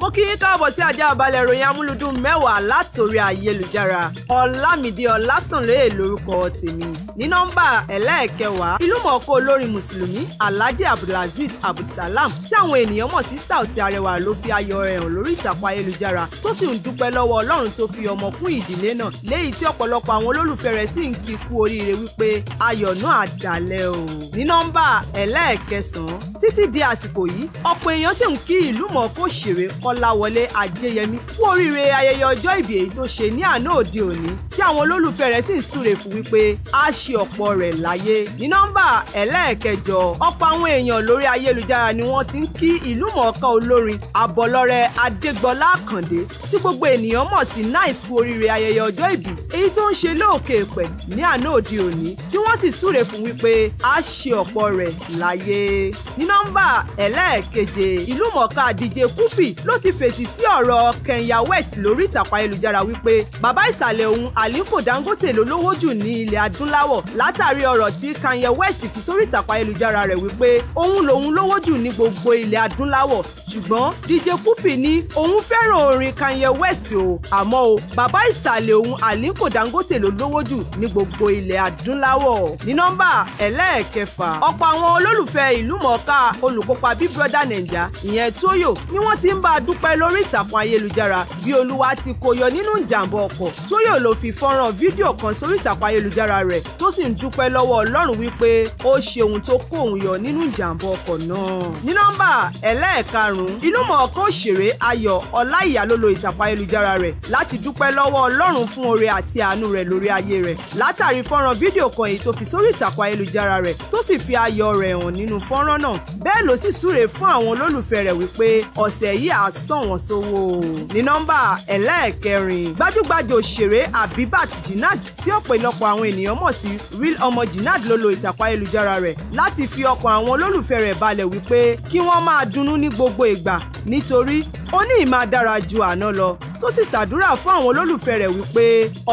mo kí yín káàbọ̀ sí ajá balẹ̀ ìròyìn amúlùdùn mẹ́wàá látòrí ayélujára ọ̀làmìdí ọ̀làsànlóye lórúkọ tèmi ní nọ́mbà ẹlẹ́ẹ̀kẹwàá ìlúmọ̀ọ́kọ́ olórin mùsùlùmí alhaji abdulaziz abdulsalam tí àwọn ènìyàn mọ̀ sí Saoty Arẹwà ló fi ayọ̀ rẹ̀ hàn lórí ìtàkùn ayélujára tó sì ń dúpẹ́ lọ́wọ́ ọlọ́run tó fi ọmọ kún ìdílé náà léyìí tí ọ̀pọ̀lọpọ̀ àwọn olólùfẹ́ rẹ̀ sì ń kí i kú oríire kọ́láwọlé adéyẹmí kú oríire ayẹyẹ ọjọ́ ìbí èyí tó ṣe ní àná òde òní tí àwọn olólùfẹ́ rẹ̀ sì ń súre fún wípé a ṣe ọ̀pọ̀ rẹ̀ láyé ní nọ́mbà ẹlẹ́ẹ̀kẹjọ ọ̀pọ̀ àwọn èèyàn lórí ayélujára ni wọ́n ti ń kí ìlú mọ̀ọ́ká olórin àbọ̀lọ́rẹ̀ adégbọlá àkàndé tí gbogbo ènìyàn mọ̀ sí nice kú oríire ayẹyẹ ọjọ́ ìbí èyí tó ń ṣe lóòkè pẹ̀ ní àná òde òní tí w wọ́n sì súre fún wípé a ṣe ọ̀pọ̀ rẹ̀ láyé. ní nọ́mbà ẹlẹ́ẹ̀keje ìlúmọ̀ọ́ká DJ Cuppy ló ti fèsì sí ọ̀rọ̀ Kenya West lórí ìtàkùn ayélujára wípé bàbá ìsàlẹ̀ òun Aliko Dangote ló lówó jù ní ilẹ̀ adúláwọ̀ látàrí ọ̀rọ̀ tí Kanye West fi sórí ìtàkùn ayélujára rẹ̀ wípé òun lòun lówó jù ní gbogbo ilẹ̀ adúláwọ̀ ṣùgbọ́n DJ Cuppy ní òun fẹ́ràn orin Kanye West o àmọ́ o bàbá ìsàlẹ̀ òun Aliko Dangote ló lówó jù ní gbogbo ilẹ̀ adúláwọ̀ ní nọ́mbà ẹlẹ́ẹ̀kẹfà ọ̀pọ̀ àwọn olólùfẹ́ ìlú mọ̀ọ́ká olùkópa Big Brother Naija ìyẹn Tóyò ni wọ́n ti ń bá a dúpẹ́ lórí ìtàkùn ayélujára bí olúwa ti kó yọ nínú ìjàmbá ọkọ̀ Tóyò ló fi fọ́nrán fídíò kan sórí ìtàkùn ayélujára rẹ̀ tó sì ń dúpẹ́ lọ́wọ́ Ọlọ́run wípé ó ṣe ohun tó kó òun yọ nínú ìjàmbá ọkọ̀ náà ní nọ́mbà ẹlẹ́ẹ̀karùn-ún ìlú mọ̀ọ́ká òṣèré Ayọ̀ Ọláìyá ló lo òfì sórí ìtàkùn ayélujára rẹ̀ tó sì fi ayọ̀ rẹ̀ hàn nínú fọ́nrán náà bẹ́ẹ̀ ló sì súre fún àwọn olólùfẹ́ rẹ̀ wípé ọ̀sẹ̀ yìí á sàn wọ́n sówó. ní nọ́mbà ẹlẹ́ẹ̀kẹrin gbajúgbajà òṣèré Abibat Jinad tí ọ̀pọ̀lọpọ̀ àwọn ènìyàn mọ̀ sí Real ọmọ Jinad ló lo ìtàkùn ayélujára rẹ̀ láti fi ọkàn àwọn olólùfẹ́ rẹ̀ balẹ̀ wípé kí wọ́n máa dunnú ní gbogbo ìgbà nítorí ó ní ìmáa dára ju àná lọ tó sì ṣàdúrà fún àwọn olólùfẹ́ rẹ̀ wípé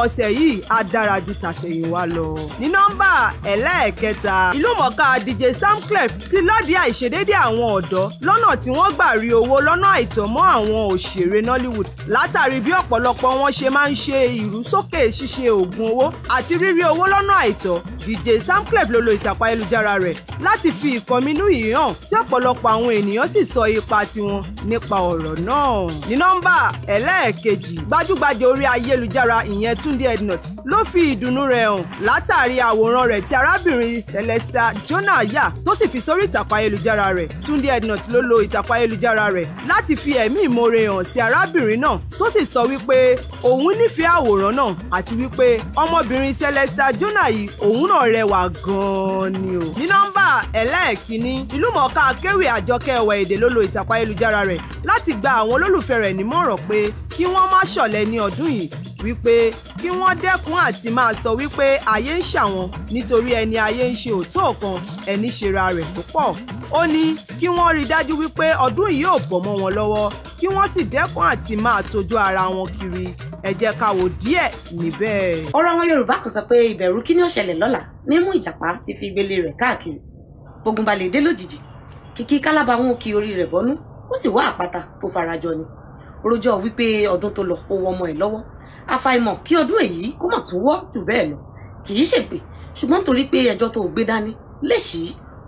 ọ̀sẹ̀ yìí á dára ju tàtẹ̀yìnwá lọ. ní nọ́mbà ẹlẹ́ẹ̀kẹta ìlúmọ̀ọ́ká DJ Sam Clef ti lọ́dí àìṣedédé àwọn ọ̀dọ́ lọ́nà tí wọ́n gbà rí owó lọ́nà àìtọ́ mọ́ àwọn òṣèré Nollywood látàrí bí ọ̀pọ̀lọpọ̀ wọn ṣe máa ń ṣe ìrúsókè ṣíṣe òògùn owó àti rírí owó lọ́nà àìtọ́ DJ Samclef ló lo ìtàkùn ayélujára rẹ̀ láti fi ìkọminú yìí hàn tí ọ̀pọ̀lọpọ̀ àwọn ènìyàn sì sọ ipa tiwọn nípa ọ̀rọ̀ náà. ní nọ́mbà ẹlẹ́ẹ̀kejì gbajúgbajà orí ayélujára ìyẹn Túndé Ednut ló fi ìdùnnú rẹ̀ hàn látàrí àwòrán rẹ̀ tí arábìnrin Celesta Jonah yà tó sì fi sórí ìtàkùn ayélujára rẹ̀ Túndé Ednut ló lo ìtàkùn ayélujára rẹ̀ láti fi ẹ̀mí ìmoore hàn sí arábìnrin náà tó sì sọ wípé òun nífẹ̀ẹ́ àwòrán náà àti wípé ọmọbìnrin Celesta Jonah yìí òun náà rẹwà gan-an ni o. ní nọ́mbà ẹlẹ́ẹ̀kínní ìlúmọ̀ọ́ká akéwì àjọkẹ́ ẹ̀wà èdè ló lo ìtàkùn ayélujára rẹ̀ láti gba àwọn olólùfẹ́ rẹ̀ nímọ̀ràn pé kí wọ́n má ṣọ̀lẹ ní ọdún yìí wípé kí wọ́n dẹ́kun àti máa sọ wípé ayé ń ṣàwọn nítorí ẹni ayé ń ṣe òótọ́ kan ẹni ṣera rẹ̀ púpọ̀ ó ní kí wọ́n rí dájú wípé ọdún yìí ò bọ̀ mọ́ wọn lọ́wọ́ kí wọ́n sì dẹ́kun àti máa tójú ara wọn kiri ẹ jẹ́ ká wò díẹ̀ níbẹ̀. ọ̀rọ̀ àwọn yorùbá kan sọ pé ìbẹ̀rù kí ni ó ṣẹlẹ̀ lọ́la mímú ìjàpá ti fi gbélé rẹ̀ káàkiri gbógun balẹ̀ dé lójijì kìkì kálábà wọn kí orí rẹ̀ bọ́nú ó sì wá àpáta tó farajọ ni rojọ́ wípé ọdún tó lọ ó wọ ọmọ ẹ̀ lọ́wọ́ àfàìmọ̀ kí ọdún èyí kó mà tún wọ́ jù bẹ́ẹ̀ lọ kì í ṣègbè ṣùgbọ́n torí pé ẹjọ́ tó gbé dání léṣì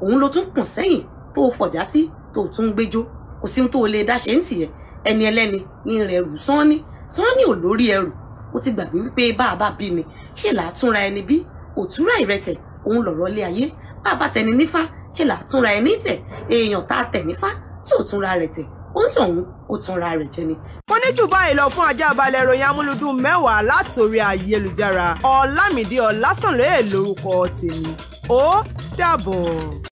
òun ló tún kùn sẹ́yìn tó fọ̀já sí tó tún gbẹjọ́ kò sí ohun tó lè dá ṣe ń tìyẹ ẹni ẹlẹ́ni ní rẹ̀ rù sán ni sanni ò lórí ẹrù ó ti gbàgbé wípé bá a bá bí ni ṣe là á túnra ẹni bí òtúrà ìrẹtẹ̀ òun lọ̀rọ̀ lé ayé bá a bá tẹni nífá ṣe là á túnra ẹni tẹ̀ èèyàn tá a tẹ̀ nífá tí ò túnra rẹ̀ tẹ̀ ó ń tọ̀hún ó túnra rẹ̀ jẹ ni. mo ní jù báyìí lọ fún ajá balẹ̀ ìròyìn amúlùdùn mẹ́wàá látòrí ayélujára ọ̀làmídìí ọ̀làsànlóye lórúkọ tèmi ó dàbọ̀.